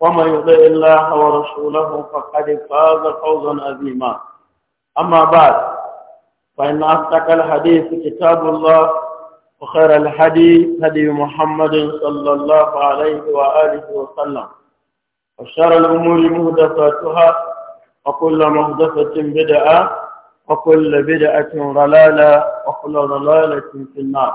ومن يطع الله ورسوله فقد فاز فوزا عظيما أما بعد فإن أصدق الحديث كتاب الله وخير الحديث هدي محمد صلى الله عليه وآله وسلم وشر الأمور مهدفاتها وكل مهدفة بدعة وكل بدعة ضلالة وكل ضلالة في النار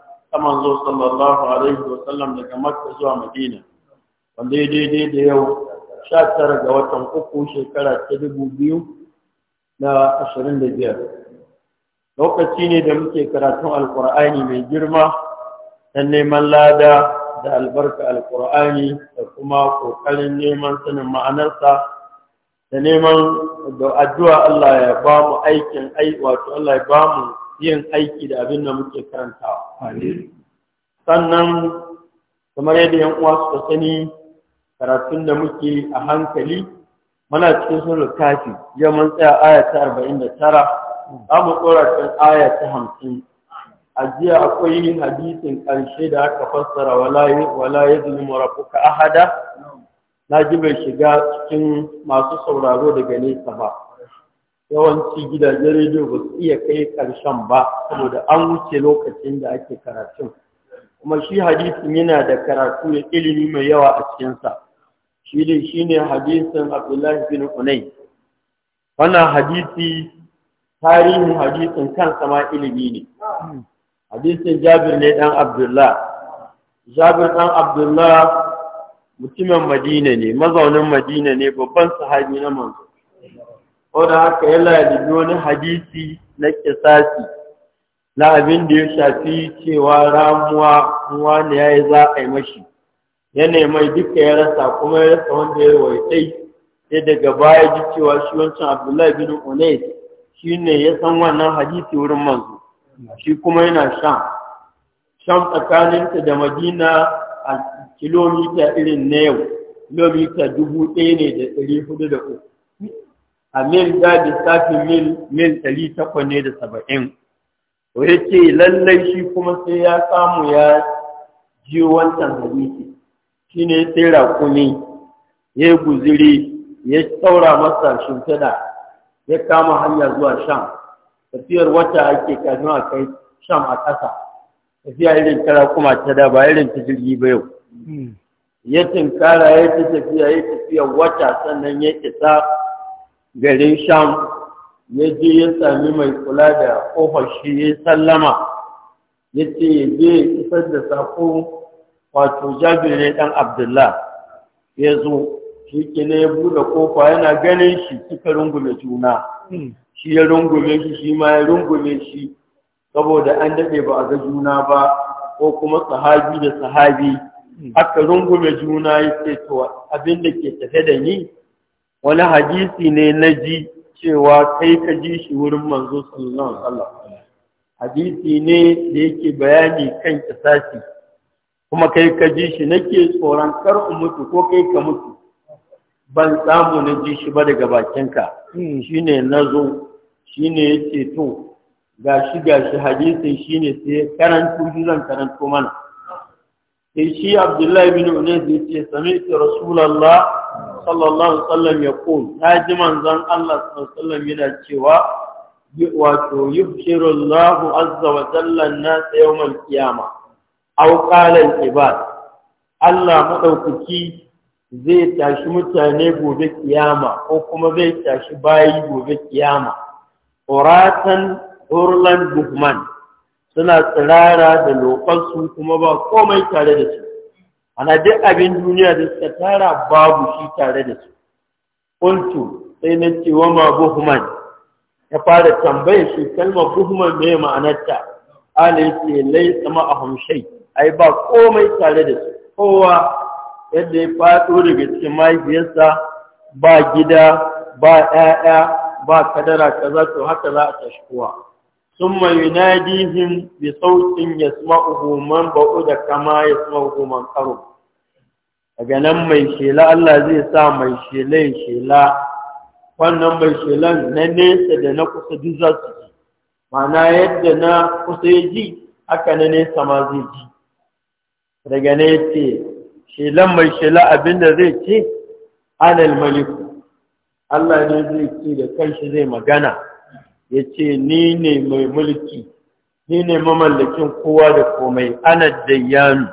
ta manzo sallallahu alaihi wa sallam daga Makka zuwa Madina wanda ya daidai da yau sha 19 ga watan uku shekara ta dubu biyu na ashirin da biyar? lokaci ne da muke karatun alkur'ani mai girma na neman lada da albarka alkur'ani da kuma kokarin neman sanin ma'anarsa da neman da addu'a Allah ya ba mu aikin ai wato Allah ya ba mu yin aiki da abin da muke karantawa sannan kamar yadda yan uwa suka sani karatun da muke a hankali muna cikin sun kafi yau mun tsaya aya ta arba'in da tara za mu tsora cikin aya ta hamsin a jiya akwai hadisin ƙarshe da aka fassara wala ya marafuka. ahada na ji bai shiga cikin masu sauraro daga nesa ba yawanci gidajen rediyo ba su iya kai ƙarshen ba saboda an wuce lokacin da ake karatun kuma shi hadisin yana da karatu da ilimi mai yawa a cikinsa shi ne shi ne hadisin abdullahi bin unai wannan hadisi tarihin hadisin kan ma ilimi ne hadisin jabir ne dan abdullah jabir dan abdullah mutumin madina ne mazaunin madina ne babban sahabi na manzo ko haka ya lalibi wani hadisi na kisasi na abin da ya shafi cewa ramuwa ne ya yi za a yi mashi ya mai duka ya rasa kuma ya rasa wanda ya waitai sai daga baya ji cewa shi wancan abdullahi bin unais shi ne ya san wannan hadisi wurin manzo shi kuma yana shan sham tsakaninta da madina a kilomita irin na yau kilomita dubu ɗaya ne da ɗari hudu da uku a mil da mil mil ɗari takwas ne da saba'in to ya ce lallai shi kuma sai ya samu ya ji wancan hadisi shi ne sai raƙumi ya yi guziri ya saura masa shimfiɗa ya kama hanya zuwa sham tafiyar wata ake kafin a kai sham a ƙasa tafiya irin tara kuma ta da ba irin ta jirgi ba yau hmm. ya tinkara ya ta tafiya ya tafiya wata sannan ya isa garin sham ya je ya sami mai kula da ƙofar shi ya sallama ya ce ya je isar da saƙo wato jabire ɗan abdullah ya zo shi ke ya buɗe ƙofa yana ganin shi suka rungume juna shi ya rungume shi shi ma ya rungume shi saboda an daɗe ba a ga juna ba ko kuma sahabi da sahabi aka rungume juna ya ce to abin ke tafe da ni wani hadisi ne na ji cewa kai ka ji shi wurin manzo sallallahu alaihi wasallam hadisi ne da yake bayani kan kisasi kuma kai ka ji shi nake tsoron kar in mutu ko kai ka mutu ban samu na ji shi ba daga bakinka hmm. shine nazo shine yace to gashi gashi hadisin shine sai karanto shi zan karanto mana sai shi Abdullahi bin Unais yace sami Rasulullah sallallahu alaihi ya kun ta ji manzon Allah sallallahu alaihi yana cewa wato yubshiru Allahu azza wa jalla na nas yawmal qiyama ibad Allah madaukaki zai tashi mutane gobe kiyama ko kuma zai tashi bayi gobe kiyama uratan urlan buhman suna tsirara da lokansu kuma ba komai tare da su ana duk abin duniya da suka tara babu shi tare da su kuntu sai na ce wa ma buhman ya fara tambayar shi kalmar buhman me ma'anarta ala yake lai sama a hamshai ai ba komai tare da su kowa yadda ya faɗo daga cikin mahaifiyarsa ba gida ba 'ya'ya ba kadara kaza to haka za a tashi kowa ثم يناديهم بصوت يسمعه من بعد كما يسمعه من قرب daga nan mai shela Allah zai sa mai shela ya shela wannan mai shela na nesa da na kusa duk za su ji ma'ana yadda na kusa ya ji haka na nesa ma zai ji daga na ce shelan mai shela da zai ce anal maliku Allah ne zai ce da kanshi zai magana ya ce ni ne mai mulki ni ne mamallakin kowa da komai ana dayyanu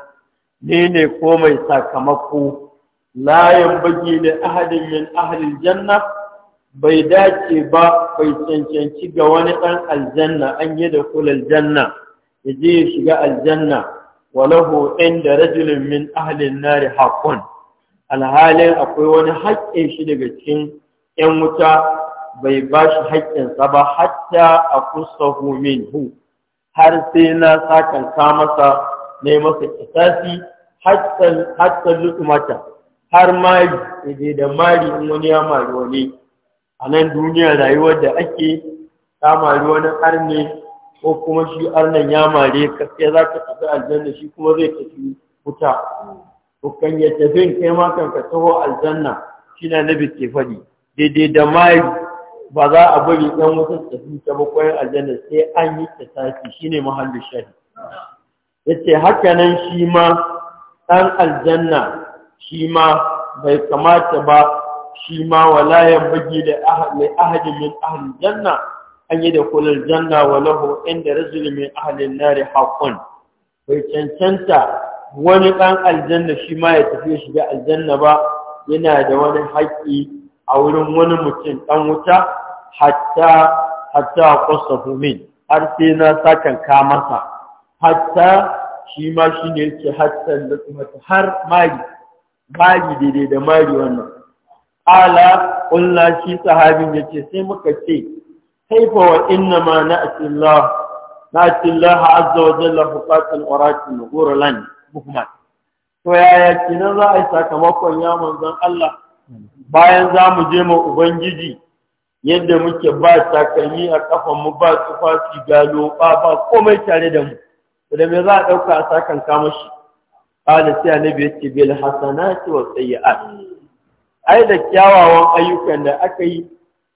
ni ne ko mai sakamako layan bagi da ahadin min ahalin janna bai dace ba bai cancanci ga wani ɗan aljanna an yi da kula aljanna ya je ya shiga aljanna walahu inda rajulun min ahalin nari haƙon alhalin akwai wani haƙƙin shi daga cikin 'yan wuta bai ba shi haƙƙinsa ba hatta a kusa hu har sai na sakanta masa ne masa kisasi hatta lutumata har mari idai da mari in wani ya mari wani a nan duniya rayuwar da ake ta mari wani arne ko kuma shi arnen ya mari ka za ka tafi aljanna shi kuma zai tafi wuta ko kan ya tafi kai ma ka taho aljanna shi na nabi ke faɗi daidai da mari ba za a bari ɗan wasu tafi ta bakwai aljanna sai an yi Shi ne mahallin shari yace hakanan shi ma dan aljanna shi ma bai kamata ba shi ma wala yabghi da ahli ahli min ahli janna an yi da kulal janna wa lahu inda rajul min ahli nar haqqun bai cancanta wani ɗan aljanna shi ma ya tafi shiga aljanna ba yana da wani haƙƙi a wurin wani mutum ɗan wuta hatta hatta qasafu min har sai na sakan ka masa hatta shi ma shi ne yake hatta kuma har mari mari daidai da mari wannan ala ƙulla shi sahabin ya ce sai muka ce kaifa wa inna ma na atillah na atillah azza wa jalla muhammad to yaya kinan za a yi sakamakon ya manzon Allah bayan za mu je ma ubangiji yadda muke ba takalmi a kafan mu ba tufafi ga loba ba komai tare da mu da me za a ɗauka a sakan kama shi ƙala sai annabi ya ce bil hasanati wa sayyi'at ai da kyawawan ayyukan da aka yi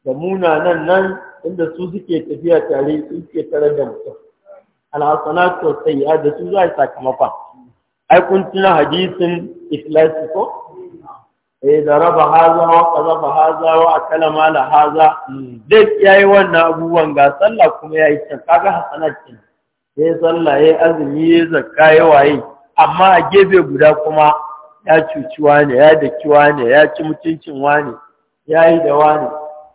da munanan nan inda su suke tafiya tare su suke tare da mutum al hasanatu wa sayyi'at da su za a sakamakon ai kun tuna hadisin ikhlasi ko eh da raba haza wa kazafa haza wa akala mala haza hmm. duk yayi wannan abubuwan ga sallah kuma yayi ta kaga hasanat kenan ya yi sallah ya yi azumi ya yi zakka ya waye amma a gefe guda kuma ya cuci wane ya daki wane ya ci mutuncin wane ya yi da wane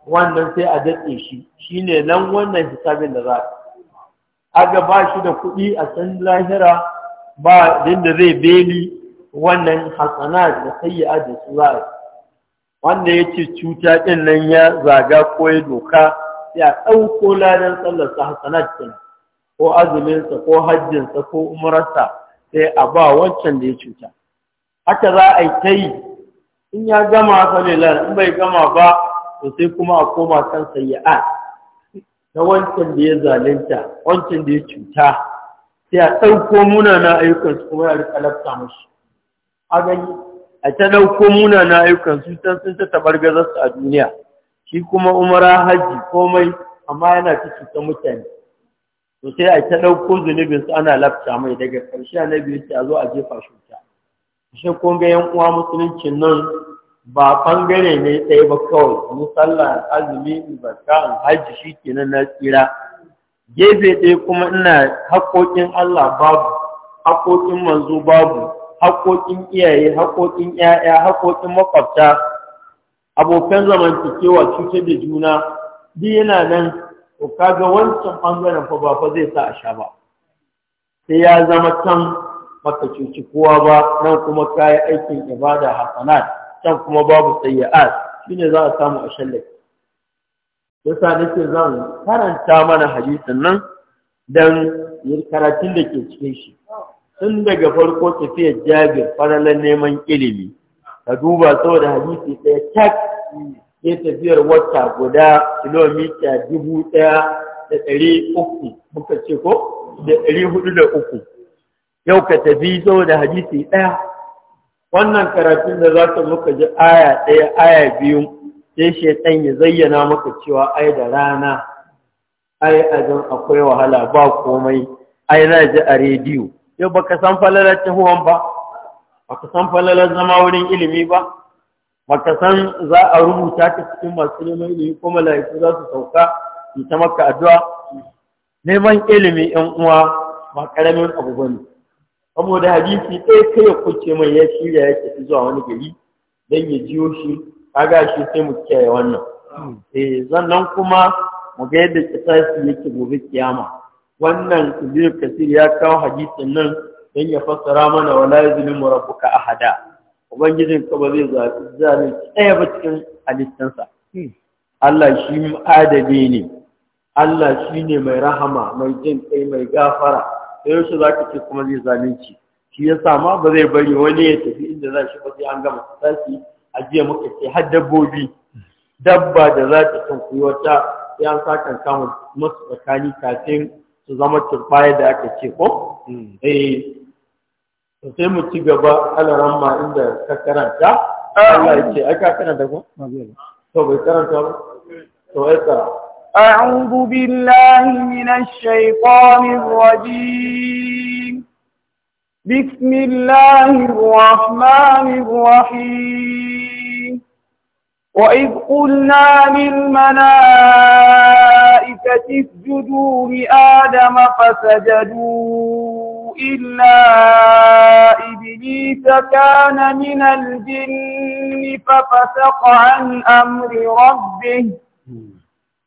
wannan sai a daɗe shi shine nan wannan hisabin da za a aga ba shi da kuɗi a san lahira ba dinda zai beli wannan hasana da ya da su za a wanda ya ce cuta ɗin nan ya zaga ko ya doka sai a ɗauko ladan sallar sa hasana kenan ko azuminsa ko hajjinsa ko umararsa sai a ba wancan da ya cuta haka za a yi ta yi in ya gama falilan in bai gama ba to sai kuma a koma kan sayi'a na wancan da ya zalunta wancan da ya cuta sai a ɗauko munana ayyukansu kuma ya rika lafta musu a gani a ta ɗauko munana ayyukansu ta sun ta tabargazarsu a duniya shi kuma umara hajji komai amma yana ta cuta mutane to sai a ta ɗauko zunubin su ana lafta mai daga ƙarshe na biyu ce a zo a jefa shi wuta shi kun ga yan uwa musuluncin nan ba bangare ne ɗaya ba kawai musalla sallah azumi shi ke nan na tsira gefe ɗaya kuma ina haƙoƙin Allah babu haƙoƙin manzo babu haƙoƙin iyaye haƙoƙin ƴaƴa haƙoƙin makwabta abokan zamantakewa cutar da juna duk yana nan to kaga wancan bangaren fa ba fa zai sa a sha ba sai ya zama can baka cuci kowa ba nan kuma kayi aikin ibada hasanat can kuma babu sayyi'at shine za a samu a shallake yasa nake zan karanta mana hadisin nan dan karatun da ke cikin shi tun daga farko tafiyar jabir faralar neman ilimi ka duba saboda hadisi ɗaya tak ya tafiyar wata guda kilomita dubu ɗaya da ɗari uku muka ce ko da ɗari hudu da uku yau ka tafi saboda hadisi ɗaya wannan karatun da za ka muka ji aya ɗaya aya biyu sai shaitan ya zayyana maka cewa ai da rana ai azan akwai wahala ba komai ai za ji a rediyo yau baka san falalar tahuwan ba baka san falalar zama wurin ilimi ba Makasan san za a rubuta ta cikin masu neman ilimi ko mala'iku za su sauka su ta maka addu'a neman ilimi yan uwa ba karamin abu ba bane saboda hadisi ɗaya kai ya kuce mai ya shirya ya tafi zuwa wani gari dan ya jiyo shi ga shi sai mu kiyaye wannan eh zannan kuma mu ga yadda kisasi yake gobe kiyama wannan ibnu kasir ya kawo hadisin nan don ya fassara mana wala yuzlimu rabbuka ahada ubangijin ka ba zai zalunci ɗaya ba cikin halittansa hmm. Allah shi adali ne Allah shi ne mai rahama mai jin kai mai gafara da yaushe za ka ce kuma zai ci. shi ya sama ba zai bari wani ya tafi inda za shi ba sai an gama tashi a jiya muka ce har dabbobi dabba da za ta kan wata ya sa kan kama masu tsakani kafin su zama turbaya da aka ce ko hmm. eh sai mu ci gaba alaran ma inda ka karanta Allah ya ce ai ka karanta ko to bai karanta ba to ai kara أعوذ بالله من الشيطان الرجيم بسم الله الرحمن الرحيم وإذ قلنا للملائكة اسجدوا لآدم فسجدوا إلا إبليس كان من الجن ففسق عن أمر ربه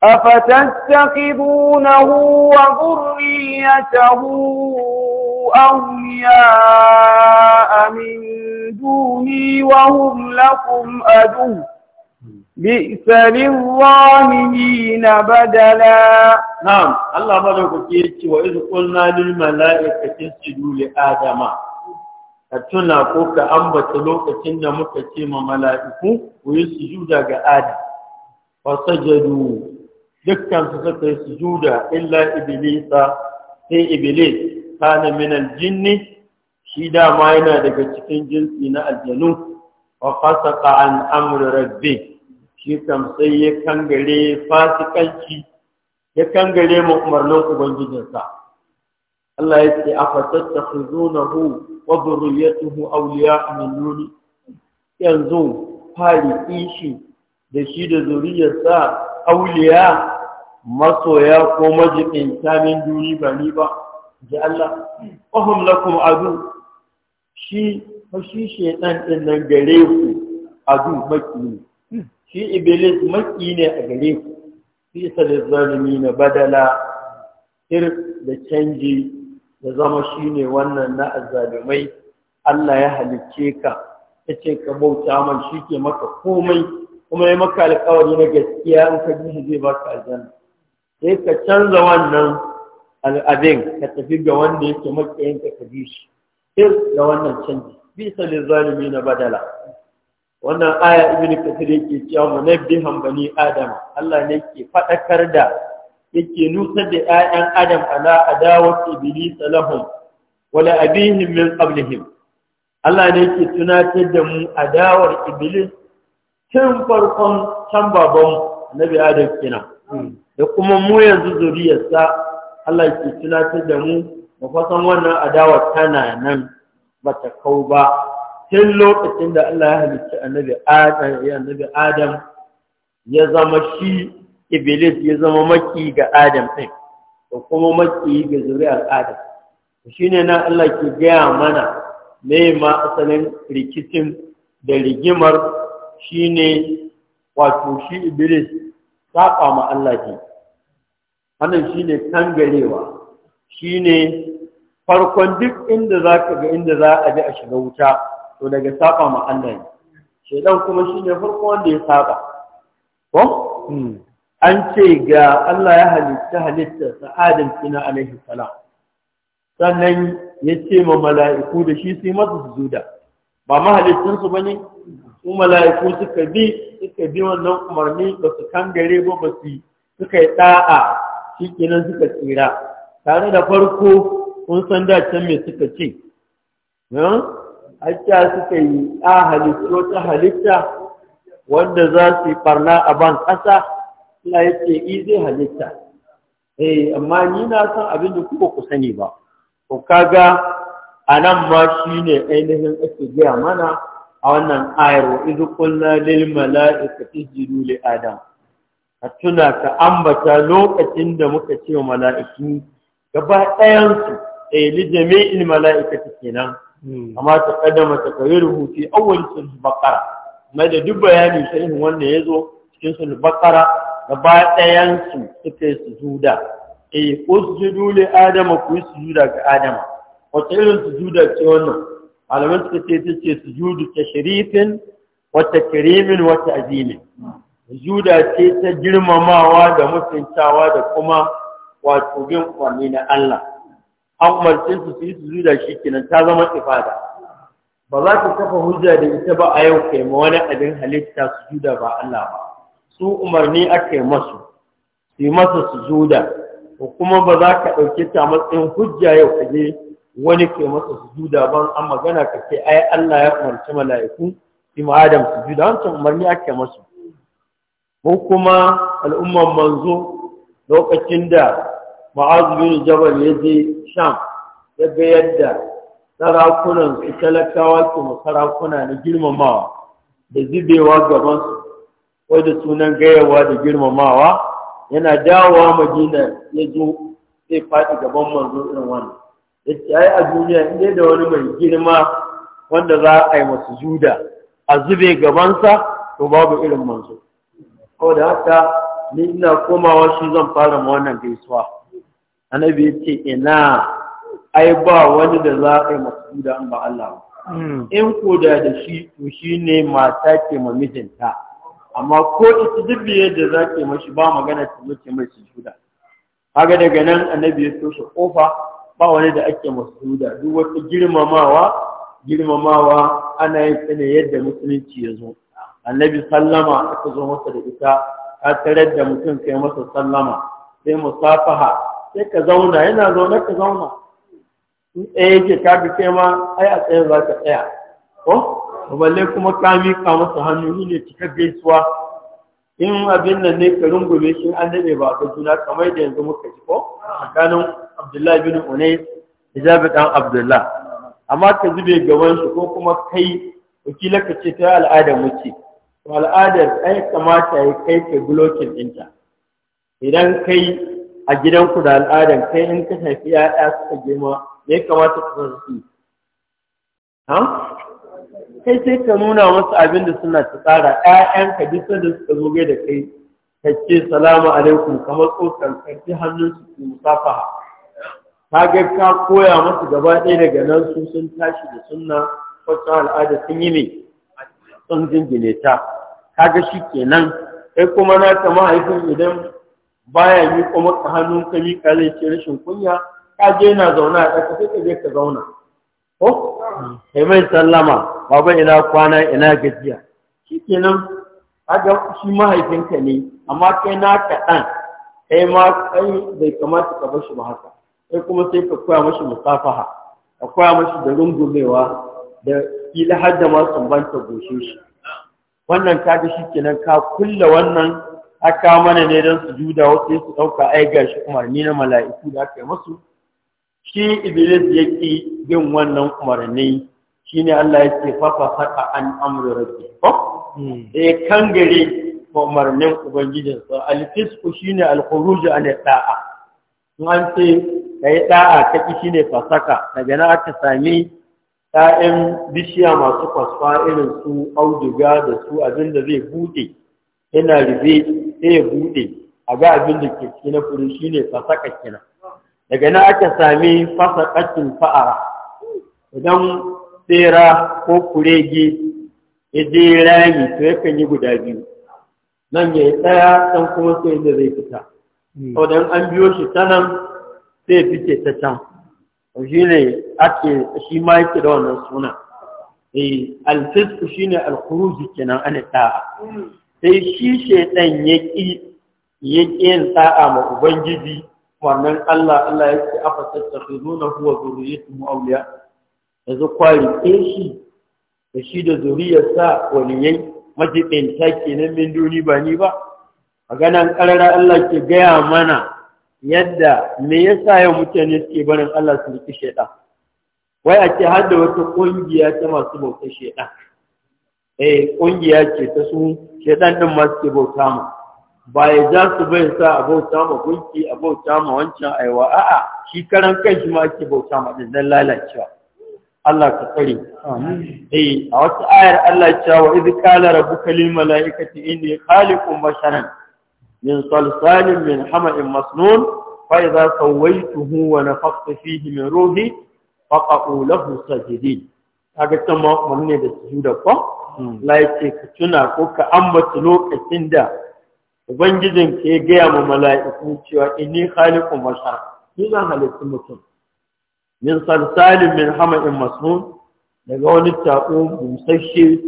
أفتتخذونه وذريته أولياء من دوني وهم لكم أدوه بئس للظالمين بدلا نعم الله ما لك يتي وإذ قلنا للملائكة اسجدوا لآدم أتنا كوك أنبت لوكتنا مكتيم ملائكة ويسجودا كآدم فسجدوا دكان سكت سجودا إلا إبليس سي إبليس كان من الجن شيدا ما ينا دكتين جنسي نا الجنوب وفسق عن أمر ربه shi kam sai ya kangare fasikanci ya kangare mu umarnin ubangijinsa Allah ya ce a fatattakhuzunahu wa dhurriyyatuhu awliya min duni yanzu fari kishi da shi da zuriyarsa awliya masoya ko majibin tamin duni ba ni ba ji Allah wahum lakum adu shi fashi shedan din nan gare ku adu maki shi iblis maki ne a gare ku fi salizalimi na badala ir da canji da zama shi ne wannan na azalumai Allah ya halicce ka ta ce ka bauta man shi ke maka komai kuma ya maka alkawari na gaskiya in ka bishi zai baka aljanna sai ka canza wannan al'abin ka tafi ga wanda yake maka yanka ka shi. ir da wannan canji da lizalimi na badala wannan aya ibn kathir yake cewa munabbihan bani adam Allah ne ke fadakar da yake nusar da 'ya'yan adam ala adawati iblis lahum wala abihim min qablihim Allah ne ke tunatar da mu adawar iblis tun farkon can baban annabi adam kenan da kuma mu yanzu zuriyarsa Allah ke tunatar da mu mafasan wannan adawar tana nan ba ta kau ba tun lokacin da Allah ya halicci annabi Adam ya annabi Adam ya zama shi Iblis ya zama maki ga Adam ɗin da kuma maki ga zuriyar Adam shine na Allah ke gaya mana me ma asalin rikicin da rigimar shine wato shi Iblis saba ma Allah ke wannan shine Shi shine farkon duk inda ka ga inda za a ji a shiga wuta to daga saba ma Allah ne shedan kuma shine farko wanda ya saba ko hmm. an ce ga Allah ya halitta halitta sa Adam kina alaihi salam sannan ya ce ma mala'iku da shi sai masa sujuda ba mahalittin su bane su mala'iku suka bi suka bi wannan umarni ba su kangare ba ba su suka yi da'a shi kenan suka tsira tare da farko kun san da can me suka ce hmm? hatta suka yi a halittu ta halitta wanda za su yi farna a ban ƙasa suna ya ce yi zai halitta eh amma ni na san abin da kuka ku sani ba ko kaga a nan ma shi ne ainihin ake gaya mana a wannan ayar wa izu kulna lil mala'ikati jidu li adam ka tuna ka ambata lokacin da muka ce wa mala'iku gaba ɗayansu eh li jami'il mala'ikati kenan Hmm. amma ta kadama ta kai rubuci awwal sulh baqara mai da duk bayani sahihin wanda ya zo cikin sulh da ba ɗayan su suka yi sujuda eh usjudu li adama ku sujuda ga adama wata irin sujuda ce wannan malaman suka ce ta ce sujudu ta sharifin wata kirimin wata azimin sujuda ce ta girmamawa da mutuntawa da kuma wato bin umarni na Allah an umarce su su yi sujuda shi kenan ta zama ifada ba za su kafa hujja da ita ba a yau kai ma wani abin halitta su juda ba Allah ba su umarni ake masu su yi masa su zuda. ko kuma ba za ka ɗauke ta matsayin hujja yau ka je wani kai masa sujuda ban an magana ka ce ai Allah ya umarci mala'iku su ma Adam sujuda wancan umarni ake masu ko kuma al'umman manzo lokacin da ma'az bin jabal ya je sham ya ga yadda sarakunan su talakawa su sarakuna na girmamawa da zubewa gabansu wai da sunan gayawa da girmamawa yana dawowa madina ya zo zai faɗi gaban manzo irin wannan ya ce ai a duniya inda da wani mai girma wanda za a yi masu juda a zube gabansa to babu irin manzo ko da haka ni ina komawa shi zan fara ma wannan gaisuwa annabi ya ce ina ai ba wani da za a yi masu da an ba Allah hmm. in ko da da shi to shi ne mata ke ma mijinta amma ko ita duk da za ke mashi ba magana ta mace mashi? shuda. kaga daga nan annabi ya toshe kofa ba wani da ake da. duk wata girmamawa girmamawa ana yin ta ne yadda musulunci ya zo annabi sallama aka zo masa da ita ta tarar da mutum kai masa sallama sai musafaha sai ka zauna yana zaune ka zauna in ɗaya yake ka fi kai ma ai a tsaye za ka tsaya ko balle kuma ka miƙa masa hannu ni ne cika gaisuwa in abin nan ne ka rungume shi an daɗe ba ka juna kamar da yanzu muka ji ko tsakanin abdullahi bin unai da jabi ɗan abdullah amma ka zube gaban shi ko kuma kai wakila ka ce ta al'adar muke to al'adar ai kamata ya kai ka bulokin ɗinta idan kai a gidanku da al'adan kai in ka haifi ya'ya suka girma ya kamata ku san su kai sai ka nuna masu abin da suna ta tsara ƴaƴanka duk sanda suka zo da kai ka ce salamu alaikum kamar ka karfi hannun su ku musafa ka ga ka koya masu gaba ɗaya daga nan su sun tashi da sunna kwatsa al'ada sun yi ne sun jingine ta ga shi kenan sai kuma na ta mahaifin idan baya yi ko maka hannun ka yi, ka rashin kunya ka je na zauna a ƙasa sai ka je ka zauna ko kai mai sallama baba ina kwana ina gajiya shikenan kaga shi mahaifinka ne amma kai na kaɗan kai ma kai bai kamata ka bar shi ba haka sai kuma sai ka koya mashi musafaha ka koya mashi da rungumewa da kila har da ma sumbanta goshe shi wannan kaga shikenan ka kulle wannan aka mana ne don su juda wasu su ɗauka ai gashi umarni na mala'iku da aka yi masu shi iblis ya ƙi bin wannan umarni shi ne Allah ya ce fafa faɗa an amru rabbi ko hmm. da ya gare umarnin ubangijinsa alfisku shi ne alkhuruji an ta'a in an ce ka yi da'a ka fasaka daga na aka sami ‘ya'yan bishiya masu kwaswa irin su auduga da su abin da zai buɗe yana rube sai ya buɗe a ga abin da ke cikin na fure shi ne fasaka kenan daga nan aka sami fasakakin fa'ara idan tsera ko kurege ya je rami to kan yi guda biyu nan ya yi tsaya can kuma sai inda zai fita hmm. sau da an biyo shi ta nan sai ya fice ta can shi ne ake shi ma yake da wannan suna eh, alfisku shi ne alkuruji kenan ana taa hmm. sai shi shaidan ya ƙi ya ƙi sa'a ma ubangiji wannan Allah Allah ya ce afa nuna huwa zurriyyatuhu Ya zo kwari ɗin shi da shi da zuriyarsa waliyai majibinta kenan min duni ba ni ba maganan ƙarara Allah ke gaya mana yadda me yasa yau mutane suke barin Allah su riki shaidan wai a ce har da wata ƙungiya ta masu bautar shaidan eh kungiya ce ta su shedan din ma suke bauta ma. ba ya ja su bai sa a bauta ma gunki a bauta ma wancan aiwa a'a shi karan kanshi ma ake bauta ma din dan lalacewa Allah ka tsare eh a wata ayar Allah ya ce wa idh qala rabbuka lil malaikati inni khaliqun basharan min salsalin min hama'in masnun fa idza sawaituhu wa nafakhtu fihi min ruhi faqa'u lahu sajidin kaga tamma mun ne da sujuda ko laice ka tuna ko ka ambata lokacin da Ubangijin ka ya gaya ma mala'iku cewa inni khaliqu bashar ni zan halittu mutum min salsalin min hama'in masnun daga wani taɓo busasshe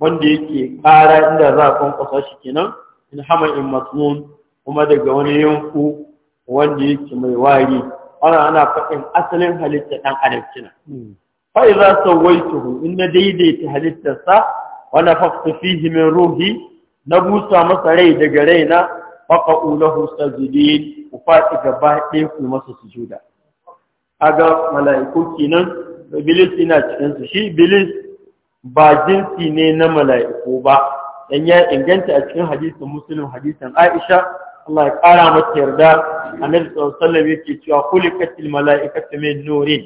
wanda yake kara inda za a kwankwasa shi kenan in hama'in masnun kuma daga wani yanku wanda yake mai wari ana ana faɗin asalin halitta ɗan adam hmm. fa idza sawaituhu in na daidaita halittarsa wa nafaqtu fihi min ruhi na busa masa rai daga raina faqa'u lahu sajidin ku fadi gaba ɗaya ku masa sujuda aga mala'iku kenan bilis ina cikin shi bilis ba jinsi ne na mala'iku ba dan ya inganta a cikin hadisin muslim hadisin aisha Allah ya kara mata yarda annabi sallallahu alaihi wasallam yake cewa kulikatil mala'ikatu min nurin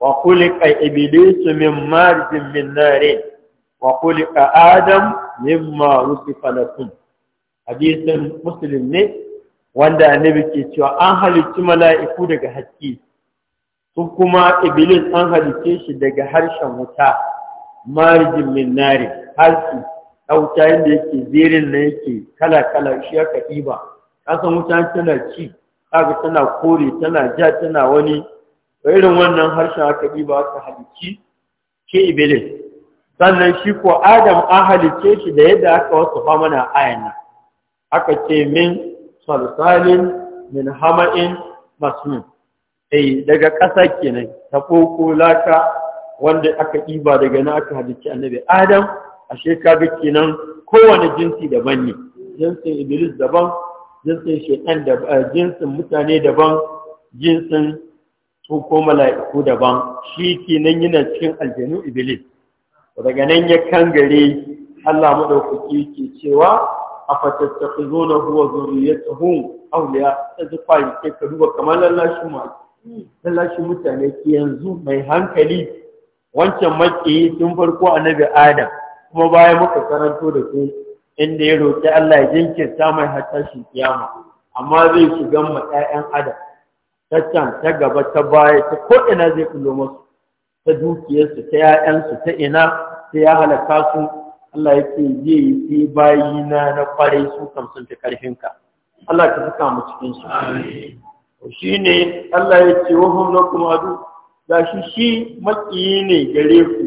wa kulika iblisu min marjin min narin wa kulika adam mimma wusifa lakum Musulun ne wanda annabi ke cewa an halicci mala'iku daga haske su kuma iblis an halice shi daga harshen wuta marijin min narin harshe ɗauta yadda yake zirin na yake kala-kala shi ya aka ɗiba kasan wuta tana ci kaga tana kore tana ja tana wani irin wannan harshen aka ɗiba aka halicci ke iblis sannan shi ko adam an halicce shi da yadda aka wasu mana ayan nan aka ce min salsalin min hama'in masmin eh daga ƙasa kenan ta koko laka wanda aka ɗiba daga na aka halicci annabi adam a shekaru kenan kowane jinsi daban ne jinsin iblis daban jinsin mutane daban jinsin su ko mala'iku daban shi ke kenan yana cikin aljanu iblis daga nan ya kangare Allah madaukaki ke cewa na huwa zuriyatuhum awliya sai ku yi ke ka duba kamar lallashi ma lallashi mutane ke yanzu mai hankali wancan makiyi tun farko annabi Adam kuma bayan muka karanto da ku inda ya roki Allah ya jinkirta mai hatta shi kiyama amma zai shiga ma 'ya'yan Adam ta can ta gaba ta baya ta ko ina zai kullo musu ta dukiyarsu ta 'ya'yansu ta ina sai ya halaka su Allah ya ce zai yi sai bayi na na kwarai su kam sun fi karfin ka Allah ka saka mu cikin su shi ne Allah ya ce na lakum adu gashi shi makiyi ne gare ku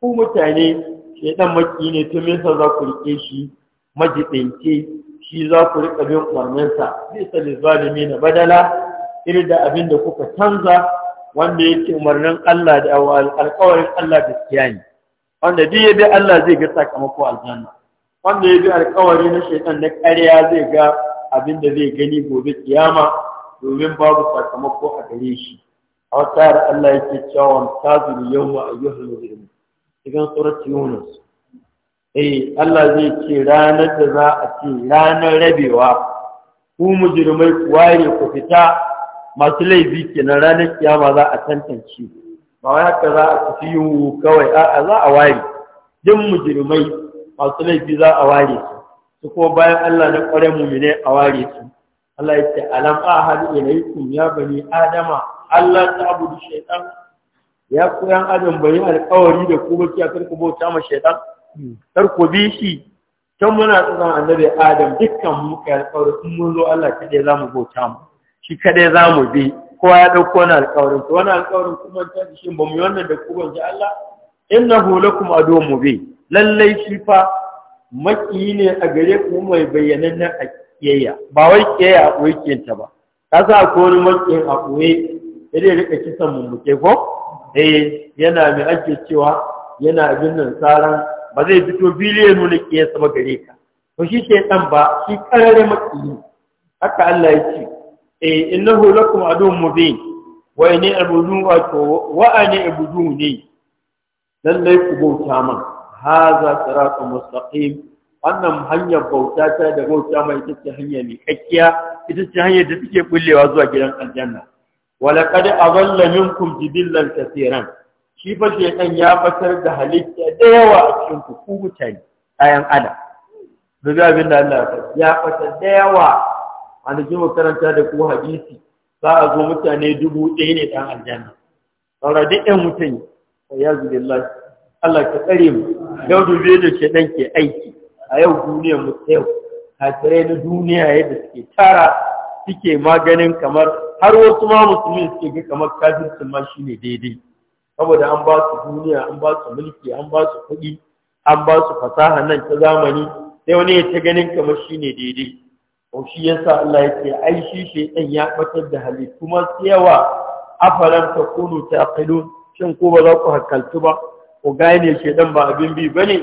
ku mutane shedan maki ne to me yasa za ku rike shi majidinci shi za ku rika bin umarninsa zai sa lizalimi na badala irin da abin da kuka canza wanda yake umarnin Allah da alƙawarin Allah gaskiya ne wanda duk ya bi Allah zai ga sakamako aljanna wanda ya bi alƙawari na shaitan na ƙarya zai ga abin da zai gani gobe kiyama domin babu sakamako a gare shi a wata yara Allah ce cewa tazuru a ayyuhal mujrimun cikin surat Yunus eh Allah zai ce ranar da za a ce ranar rabewa ku mujirmai ku ware ku fita masu laifi ke nan ranar kiyama za a tantance ba wai haka za a tafi yiwu kawai a'a za a ware duk mujirmai masu laifi za a ware su su kuma bayan Allah na mu ne a ware su Allah ya ce alam ahadu ilaikum ya bani adama Allah ta abudu shaitan ya koyan adam bani alƙawari da kuma kiya karku bauta ma shaytan hmm. karku bi shi can muna tsaron annabi adam dukkan mu kai alƙawari in mun zo Allah ta dai mu bauta mu shi kadai za mu bi kowa ya ɗauko wani alƙawarin to wani alƙawarin kuma ta shi ba mu yi wannan da ku ban ji Allah innahu lakum mu bi. lallai shi fa maki ne a gare ku mai a akiyayya ba wai kiyayya a koyi ta ba ka sa ko wani makiyin a koyi ya dai rika kisan mu muke ko eh yana mai ake cewa yana abin nan tsaran ba zai fito biliyan nuna kiyayya sama gare ka to shi ke dan ba shi karare makiyi haka Allah ya ce eh innahu lakum aduwwun mubin wa inni abudu wa ani ne. lallai ku bauta man haza siratun wannan hanyar bauta ta da bauta mai ita ce hanya mai kakkiya ita ce hanyar da take bullewa zuwa gidan aljanna walaqad adalla minkum jibillan kaseeran shi fa shaytan ya fatar da halitta da yawa a cikin ku ku mutane ayan adam dubi abin da Allah ya fatar da yawa an ji karanta da ku hadisi za a zo mutane dubu ɗaya ne ɗan aljanna saura duk ɗan mutum ya Allah ka tsare mu yau dube da ɗan ke aiki a yau duniyar mu ta yau na duniya yadda suke tara suke maganin kamar har wasu ma musulmi suke ga kamar kafircin ma shine daidai saboda an ba su duniya an ba su mulki an ba su kuɗi an ba su fasaha nan ta zamani sai wani ya ta ganin kamar shine daidai ko yasa Allah yake ai shi shi ya batar da hali kuma tsayawa ta takunu taqilun shan ko ba za ku hakaltu ba ko gane shi dan ba abin bi bane